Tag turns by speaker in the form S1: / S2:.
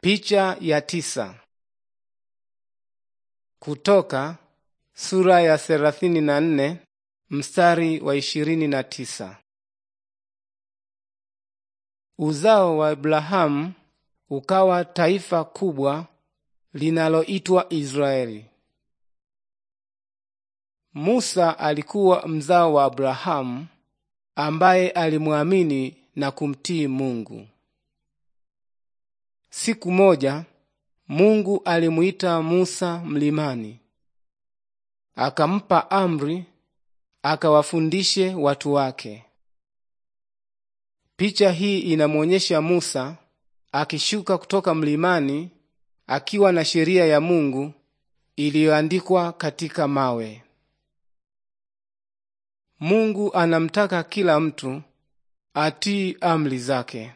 S1: Picha ya tisa. Kutoka sura ya thelathini na nne mstari wa ishirini na tisa. Uzao wa Abrahamu ukawa taifa kubwa linaloitwa Israeli. Musa alikuwa mzao wa Abrahamu ambaye alimwamini na kumtii Mungu. Siku moja Mungu alimuita Musa mlimani, akampa amri akawafundishe watu wake. Picha hii inamwonyesha Musa akishuka kutoka mlimani akiwa na sheria ya Mungu iliyoandikwa katika mawe. Mungu anamtaka kila mtu atii amri zake.